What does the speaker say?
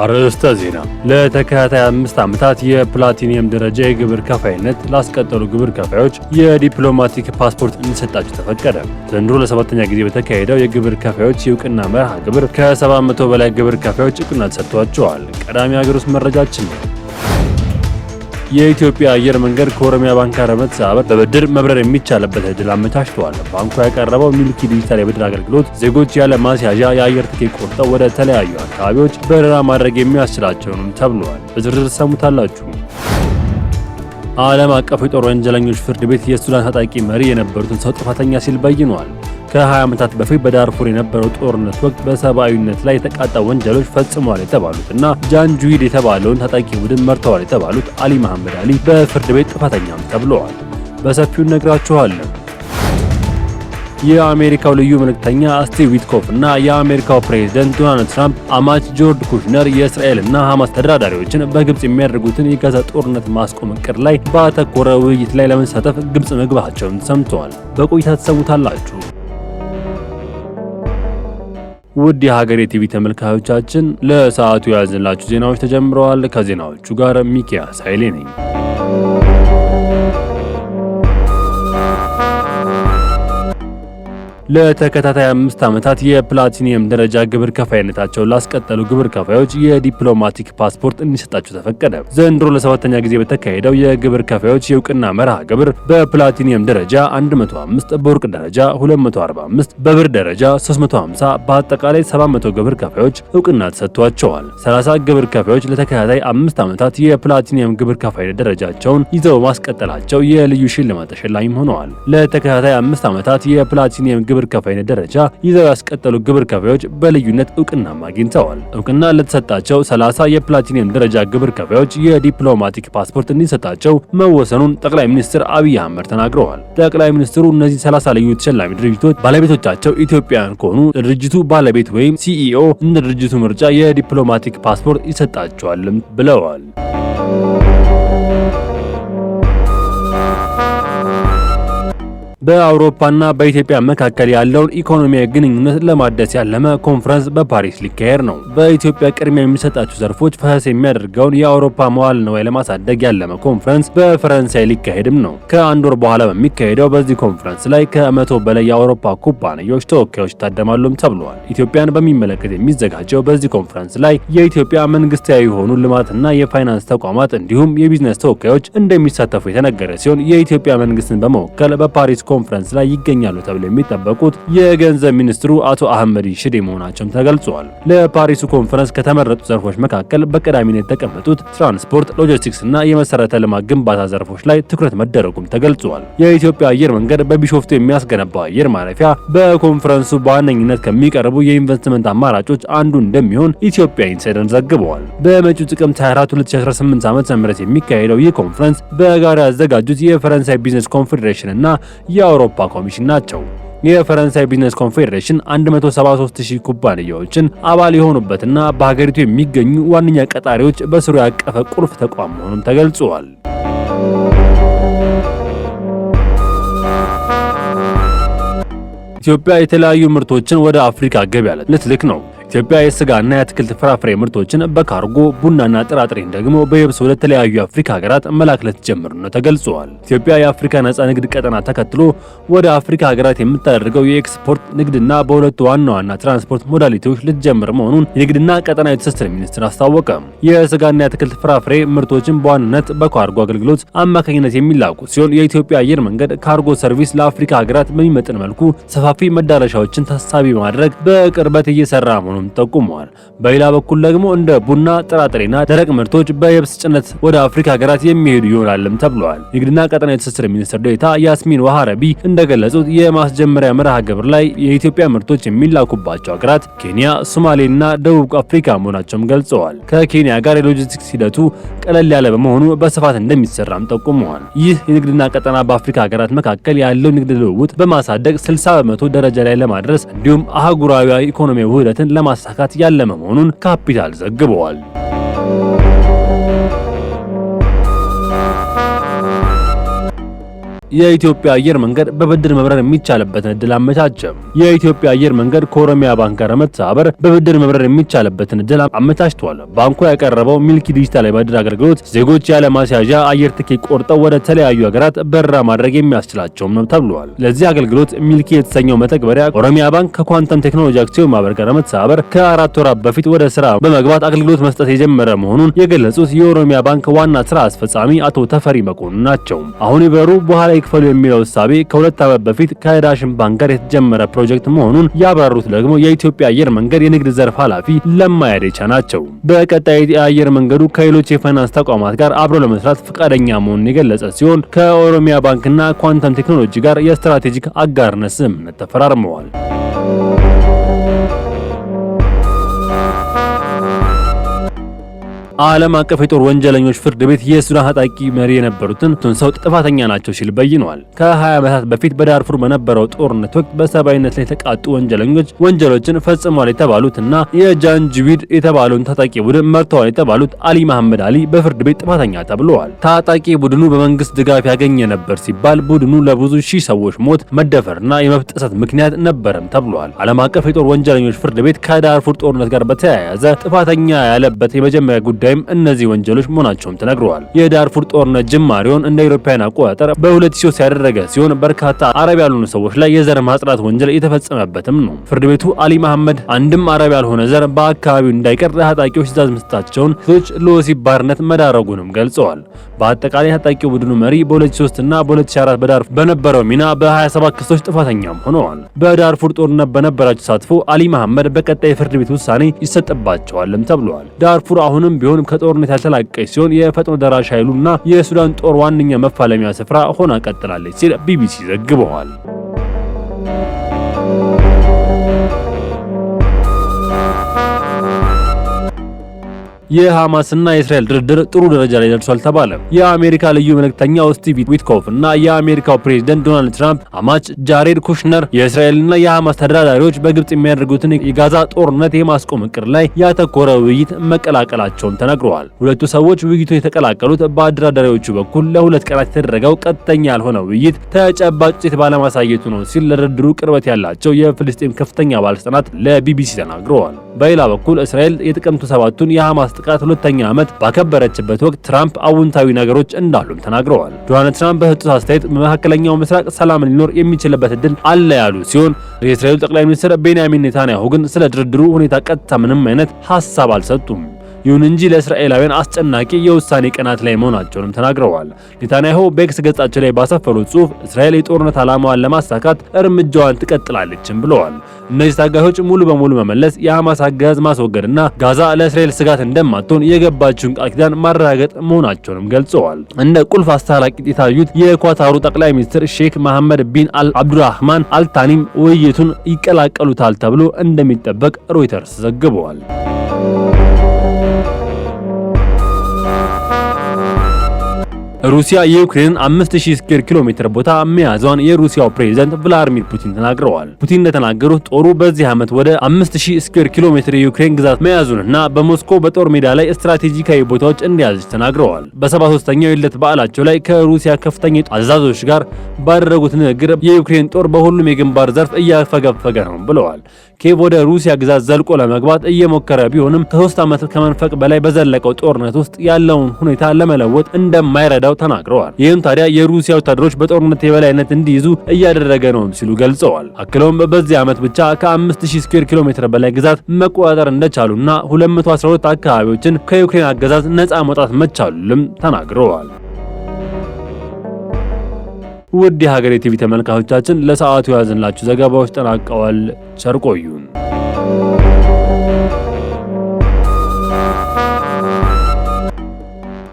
አርዕስተ ዜና። ለተከታታይ አምስት ዓመታት የፕላቲኒየም ደረጃ የግብር ከፋይነት ላስቀጠሉ ግብር ከፋዮች የዲፕሎማቲክ ፓስፖርት እንዲሰጣቸው ተፈቀደ። ዘንድሮ ለሰባተኛ ጊዜ በተካሄደው የግብር ከፋዮች የእውቅና መርሃ ግብር ከ700 በላይ ግብር ከፋዮች እውቅና ተሰጥቷቸዋል። ቀዳሚ ሀገር ውስጥ መረጃችን ነው። የኢትዮጵያ አየር መንገድ ከኦሮሚያ ባንክ ጋር በመተባበር በብድር መብረር የሚቻልበት እድል አመቻችተዋል። ባንኩ ያቀረበው ሚልኪ ዲጂታል የብድር አገልግሎት ዜጎች ያለ ማስያዣ የአየር ትኬት ቆርጠው ወደ ተለያዩ አካባቢዎች በረራ ማድረግ የሚያስችላቸውንም ተብሏል። በዝርዝር ሰሙታላችሁ። ዓለም አቀፉ የጦር ወንጀለኞች ፍርድ ቤት የሱዳን ታጣቂ መሪ የነበሩትን ሰው ጥፋተኛ ሲል በይኗል። ከ20 ዓመታት በፊት በዳርፉር የነበረው ጦርነት ወቅት በሰብአዊነት ላይ የተቃጣ ወንጀሎች ፈጽመዋል የተባሉት እና ጃንጁዊድ የተባለውን ታጣቂ ቡድን መርተዋል የተባሉት አሊ መሐመድ አሊ በፍርድ ቤት ጥፋተኛም ተብለዋል። በሰፊው እነግራችኋለሁ። የአሜሪካው ልዩ መልእክተኛ ስቲቭ ዊትኮፍ እና የአሜሪካው ፕሬዝዳንት ዶናልድ ትራምፕ አማች ጆርጅ ኩሽነር የእስራኤልና ሐማስ ተደራዳሪዎችን በግብጽ የሚያደርጉትን የጋዛ ጦርነት ማስቆም እቅድ ላይ ባተኮረ ውይይት ላይ ለመሳተፍ ግብጽ መግባታቸውን ሰምተዋል። በቆይታ ትሰሙታላችሁ። ውድ የሀገሬ ቲቪ ተመልካዮቻችን ለሰዓቱ የያዝንላችሁ ዜናዎች ተጀምረዋል። ከዜናዎቹ ጋር ሚኪያስ ኃይሌ ነኝ። ለተከታታይ አምስት ዓመታት የፕላቲኒየም ደረጃ ግብር ከፋይነታቸውን ላስቀጠሉ ግብር ከፋዮች የዲፕሎማቲክ ፓስፖርት እንዲሰጣቸው ተፈቀደ። ዘንድሮ ለሰባተኛ ጊዜ በተካሄደው የግብር ከፋዮች የእውቅና መርሃ ግብር በፕላቲኒየም ደረጃ 105፣ በወርቅ ደረጃ 245፣ በብር ደረጃ 350 በአጠቃላይ 700 ግብር ከፋዮች እውቅና ተሰጥቷቸዋል። 30 ግብር ከፋዮች ለተከታታይ አምስት ዓመታት የፕላቲኒየም ግብር ከፋይነት ደረጃቸውን ይዘው ማስቀጠላቸው የልዩ ሽልማት ተሸላሚም ሆነዋል። ለተከታታይ አምስት ዓመታት የፕላቲኒየም ግብር ከፋይነት ደረጃ ይዘው ያስቀጠሉ ግብር ከፋዮች በልዩነት እውቅናም አግኝተዋል። እውቅና ለተሰጣቸው 30 የፕላቲኒየም ደረጃ ግብር ከፋዮች የዲፕሎማቲክ ፓስፖርት እንዲሰጣቸው መወሰኑን ጠቅላይ ሚኒስትር አብይ አህመድ ተናግረዋል። ጠቅላይ ሚኒስትሩ እነዚህ 30 ልዩ ተሸላሚ ድርጅቶች ባለቤቶቻቸው ኢትዮጵያውያን ከሆኑ ድርጅቱ ባለቤት ወይም ሲኢኦ እንደ ድርጅቱ ምርጫ የዲፕሎማቲክ ፓስፖርት ይሰጣቸዋልም ብለዋል። በአውሮፓና በኢትዮጵያ መካከል ያለውን ኢኮኖሚያዊ ግንኙነት ለማደስ ያለመ ኮንፈረንስ በፓሪስ ሊካሄድ ነው። በኢትዮጵያ ቅድሚያ የሚሰጣቸው ዘርፎች ፈሰስ የሚያደርገውን የአውሮፓ መዋል ንዋይ ለማሳደግ ያለመ ኮንፈረንስ በፈረንሳይ ሊካሄድም ነው። ከአንድ ወር በኋላ በሚካሄደው በዚህ ኮንፈረንስ ላይ ከመቶ በላይ የአውሮፓ ኩባንያዎች ተወካዮች ይታደማሉም ተብሏል። ኢትዮጵያን በሚመለከት የሚዘጋጀው በዚህ ኮንፈረንስ ላይ የኢትዮጵያ መንግስታዊ የሆኑ ልማትና የፋይናንስ ተቋማት እንዲሁም የቢዝነስ ተወካዮች እንደሚሳተፉ የተነገረ ሲሆን የኢትዮጵያ መንግስትን በመወከል በፓሪስ ኮንፈረንስ ላይ ይገኛሉ ተብለው የሚጠበቁት የገንዘብ ሚኒስትሩ አቶ አህመድ ሽዴ መሆናቸውም ተገልጿል። ለፓሪሱ ኮንፈረንስ ከተመረጡ ዘርፎች መካከል በቀዳሚነት የተቀመጡት ትራንስፖርት፣ ሎጂስቲክስ እና የመሰረተ ልማት ግንባታ ዘርፎች ላይ ትኩረት መደረጉም ተገልጿል። የኢትዮጵያ አየር መንገድ በቢሾፍቱ የሚያስገነባው አየር ማረፊያ በኮንፈረንሱ በዋነኝነት ከሚቀርቡ የኢንቨስትመንት አማራጮች አንዱ እንደሚሆን ኢትዮጵያ ኢንሳይደር ዘግበዋል። በመጪው ጥቅምት 24 2018 ዓ.ም የሚካሄደው ይህ ኮንፈረንስ በጋራ ያዘጋጁት የፈረንሳይ ቢዝነስ ኮንፌዴሬሽን እና የአውሮፓ ኮሚሽን ናቸው። የፈረንሳይ ቢዝነስ ኮንፌዴሬሽን 173000 ኩባንያዎችን አባል የሆኑበትና በሀገሪቱ የሚገኙ ዋነኛ ቀጣሪዎች በስሩ ያቀፈ ቁልፍ ተቋም መሆኑም ተገልጿል። ኢትዮጵያ የተለያዩ ምርቶችን ወደ አፍሪካ ገበያ ልትልክ ነው። ኢትዮጵያ የስጋና የአትክልት ፍራፍሬ ምርቶችን በካርጎ ቡናና ጥራጥሬን ደግሞ በየብስ ወደ ተለያዩ የአፍሪካ ሀገራት መላክ ልትጀምር ነው ተገልጿል። ኢትዮጵያ የአፍሪካ ነጻ ንግድ ቀጠና ተከትሎ ወደ አፍሪካ ሀገራት የምታደርገው የኤክስፖርት ንግድና በሁለቱ ዋና ዋና ትራንስፖርት ሞዳሊቲዎች ልትጀምር መሆኑን የንግድና ቀጠናዊ ትስስር ሚኒስቴር አስታወቀ። የስጋና የአትክልት ፍራፍሬ ምርቶችን በዋናነት በካርጎ አገልግሎት አማካኝነት የሚላኩ ሲሆን የኢትዮጵያ አየር መንገድ ካርጎ ሰርቪስ ለአፍሪካ ሀገራት በሚመጥን መልኩ ሰፋፊ መዳረሻዎችን ታሳቢ ማድረግ በቅርበት እየሰራ መሆኑ መሆኑን ጠቁመዋል። በሌላ በኩል ደግሞ እንደ ቡና፣ ጥራጥሬና ደረቅ ምርቶች በየብስ ጭነት ወደ አፍሪካ ሀገራት የሚሄዱ ይሆናልም ተብለዋል። ንግድና ቀጠና ትስስር ሚኒስትር ዴኤታ ያስሚን ዋሃረቢ እንደገለጹት የማስጀመሪያ መርሃ ግብር ላይ የኢትዮጵያ ምርቶች የሚላኩባቸው ሀገራት ኬንያ፣ ሶማሌና ደቡብ አፍሪካ መሆናቸውም ገልጸዋል። ከኬንያ ጋር የሎጂስቲክስ ሂደቱ ቀለል ያለ በመሆኑ በስፋት እንደሚሰራም ጠቁመዋል። ይህ የንግድና ቀጠና በአፍሪካ ሀገራት መካከል ያለው ንግድ ልውውጥ በማሳደግ 60 በመቶ ደረጃ ላይ ለማድረስ እንዲሁም አህጉራዊ ኢኮኖሚ ውህደትን ለማ ለማሳካት ያለመ መሆኑን ካፒታል ዘግበዋል። የኢትዮጵያ አየር መንገድ በብድር መብረር የሚቻልበትን እድል አመቻቸ። የኢትዮጵያ አየር መንገድ ከኦሮሚያ ባንክ ጋር መተባበር በብድር መብረር የሚቻልበትን እድል አመቻችቷል። ባንኩ ያቀረበው ሚልኪ ዲጂታል የብድር አገልግሎት ዜጎች ያለ ማስያዣ አየር ትኬት ቆርጠው ወደ ተለያዩ ሀገራት በረራ ማድረግ የሚያስችላቸውም ነው ተብሏል። ለዚህ አገልግሎት ሚልኪ የተሰኘው መተግበሪያ ኦሮሚያ ባንክ ከኳንተም ቴክኖሎጂ አክሲዮን ማህበር ጋር መተባበር ከአራት ወራት በፊት ወደ ስራ በመግባት አገልግሎት መስጠት የጀመረ መሆኑን የገለጹት የኦሮሚያ ባንክ ዋና ስራ አስፈጻሚ አቶ ተፈሪ መኮንን ናቸው። አሁን ይበሩ በኋላ ይክፈሉ የሚለው እሳቤ ከሁለት ዓመት በፊት ከዳሽን ባንክ ጋር የተጀመረ ፕሮጀክት መሆኑን ያብራሩት ደግሞ የኢትዮጵያ አየር መንገድ የንግድ ዘርፍ ኃላፊ ለማ ያደቻ ናቸው። በቀጣይ የአየር መንገዱ ከሌሎች የፋይናንስ ተቋማት ጋር አብሮ ለመስራት ፈቃደኛ መሆኑን የገለጸ ሲሆን ከኦሮሚያ ባንክና ኳንተም ቴክኖሎጂ ጋር የስትራቴጂክ አጋርነት ስምምነት ተፈራርመዋል። ዓለም አቀፍ የጦር ወንጀለኞች ፍርድ ቤት የሱዳን ታጣቂ መሪ የነበሩትን ሰው ጥፋተኛ ናቸው ሲል በይኗል ከ ከ20 ዓመታት በፊት በዳርፉር በነበረው ጦርነት ወቅት በሰብአዊነት ላይ የተቃጡ ወንጀለኞች ወንጀሎችን ፈጽመዋል እና የጃንጅዊድ የተባለውን ታጣቂ ቡድን መርተዋል የተባሉት አሊ መሐመድ አሊ በፍርድ ቤት ጥፋተኛ ተብለዋል። ታጣቂ ቡድኑ በመንግስት ድጋፍ ያገኘ ነበር ሲባል ቡድኑ ለብዙ ሺህ ሰዎች ሞት፣ መደፈርና የመብት ጥሰት ምክንያት ነበረም ተብሏል። ዓለም አቀፍ የጦር ወንጀለኞች ፍርድ ቤት ከዳርፉር ጦርነት ጋር በተያያዘ ጥፋተኛ ያለበት የመጀመሪያ ጉዳይ ጉዳይም እነዚህ ወንጀሎች መሆናቸውም ተነግረዋል። የዳርፉር ጦርነት ጅማሬውን እንደ አውሮፓውያን አቆጣጠር በ2003 ያደረገ ሲሆን በርካታ አረብ ያልሆኑ ሰዎች ላይ የዘር ማጽዳት ወንጀል የተፈጸመበትም ነው። ፍርድ ቤቱ አሊ መሐመድ አንድም አረብ ያልሆነ ዘር በአካባቢው እንዳይቀር ለታጣቂዎች ትዕዛዝ መስጠታቸውን ሴቶች ለወሲብ ባርነት መዳረጉንም ገልጸዋል። በአጠቃላይ ታጣቂው ቡድኑ መሪ በ2003 እና በ2004 በዳርፉር በነበረው ሚና በ27 ክሶች ጥፋተኛም ሆነዋል። በዳርፉር ጦርነት በነበራቸው ተሳትፎ አሊ መሐመድ በቀጣይ የፍርድ ቤት ውሳኔ ይሰጥባቸዋልም ተብሏል። ዳርፉር አሁንም ቢሆን ቢሆንም ከጦርነት ያልተላቀች ሲሆን የፈጥኖ ደራሽ ኃይሉና የሱዳን ጦር ዋነኛ መፋለሚያ ስፍራ ሆና ቀጥላለች ሲል ቢቢሲ ዘግበዋል። የሐማስና የእስራኤል ድርድር ጥሩ ደረጃ ላይ ደርሷል ተባለ። የአሜሪካ ልዩ መልእክተኛው ስቲቭ ዊትኮፍ እና የአሜሪካው ፕሬዝደንት ዶናልድ ትራምፕ አማች ጃሬድ ኩሽነር የእስራኤልና የሐማስ ተደራዳሪዎች በግብጽ የሚያደርጉትን የጋዛ ጦርነት የማስቆም እቅድ ላይ ያተኮረ ውይይት መቀላቀላቸውን ተናግረዋል። ሁለቱ ሰዎች ውይይቱ የተቀላቀሉት በአደራዳሪዎቹ በኩል ለሁለት ቀናት የተደረገው ቀጥተኛ ያልሆነ ውይይት ተጨባጭ ውጤት ባለማሳየቱ ነው ሲል ለድርድሩ ቅርበት ያላቸው የፍልስጤም ከፍተኛ ባለስልጣናት ለቢቢሲ ተናግረዋል። በሌላ በኩል እስራኤል የጥቅምቱ ሰባቱን የሐማስ ጥቃት ሁለተኛ ዓመት ባከበረችበት ወቅት ትራምፕ አውንታዊ ነገሮች እንዳሉም ተናግረዋል። ዶናልድ ትራምፕ በሰጡት አስተያየት በመካከለኛው ምስራቅ ሰላም ሊኖር የሚችልበት እድል አለ ያሉ ሲሆን የእስራኤሉ ጠቅላይ ሚኒስትር ቤንያሚን ኔታንያሁ ግን ስለ ድርድሩ ሁኔታ ቀጥታ ምንም አይነት ሀሳብ አልሰጡም። ይሁን እንጂ ለእስራኤላውያን አስጨናቂ የውሳኔ ቀናት ላይ መሆናቸውንም ተናግረዋል። ኔታንያሁ በኤክስ ገጻቸው ላይ ባሰፈሩት ጽሑፍ እስራኤል የጦርነት ዓላማዋን ለማሳካት እርምጃዋን ትቀጥላለችም ብለዋል። እነዚህ ታጋቾች ሙሉ በሙሉ መመለስ፣ የሐማስ አገዛዝ ማስወገድና ጋዛ ለእስራኤል ስጋት እንደማትሆን የገባችውን ቃል ኪዳን ማረጋገጥ መሆናቸውንም ገልጸዋል። እንደ ቁልፍ አስታራቂ የታዩት የኳታሩ ጠቅላይ ሚኒስትር ሼክ መሐመድ ቢን አል አብዱራህማን አልታኒም ውይይቱን ይቀላቀሉታል ተብሎ እንደሚጠበቅ ሮይተርስ ዘግበዋል። ሩሲያ የዩክሬንን 5000 ስኩዌር ኪሎ ሜትር ቦታ መያዟን የሩሲያው ፕሬዝዳንት ቭላዲሚር ፑቲን ተናግረዋል። ፑቲን እንደተናገሩት ጦሩ በዚህ ዓመት ወደ 5000 ስኩዌር ኪሎ ሜትር የዩክሬን ግዛት መያዙንና በሞስኮ በጦር ሜዳ ላይ ስትራቴጂካዊ ቦታዎች እንደያዘች ተናግረዋል። በ73ኛው የልደት በዓላቸው ላይ ከሩሲያ ከፍተኛ አዛዦች ጋር ባደረጉት ንግግር የዩክሬን ጦር በሁሉም የግንባር ዘርፍ እያፈገፈገ ነው ብለዋል። ኬቭ ወደ ሩሲያ ግዛት ዘልቆ ለመግባት እየሞከረ ቢሆንም ከሶስት ዓመት ከመንፈቅ በላይ በዘለቀው ጦርነት ውስጥ ያለውን ሁኔታ ለመለወጥ እንደማይረዳው ተናግረዋል። ይህም ታዲያ የሩሲያ ወታደሮች በጦርነት የበላይነት እንዲይዙ እያደረገ ነው ሲሉ ገልጸዋል። አክለውም በዚህ ዓመት ብቻ ከ5000 ስኩዌር ኪሎ ሜትር በላይ ግዛት መቆጣጠር እንደቻሉና 212 አካባቢዎችን ከዩክሬን አገዛዝ ነፃ መውጣት መቻሉልም ተናግረዋል። ውድ የሀገሬ ቲቪ ተመልካቾቻችን ለሰዓቱ የያዝንላችሁ ዘገባዎች ጠናቀዋል። ቸር ቆዩን።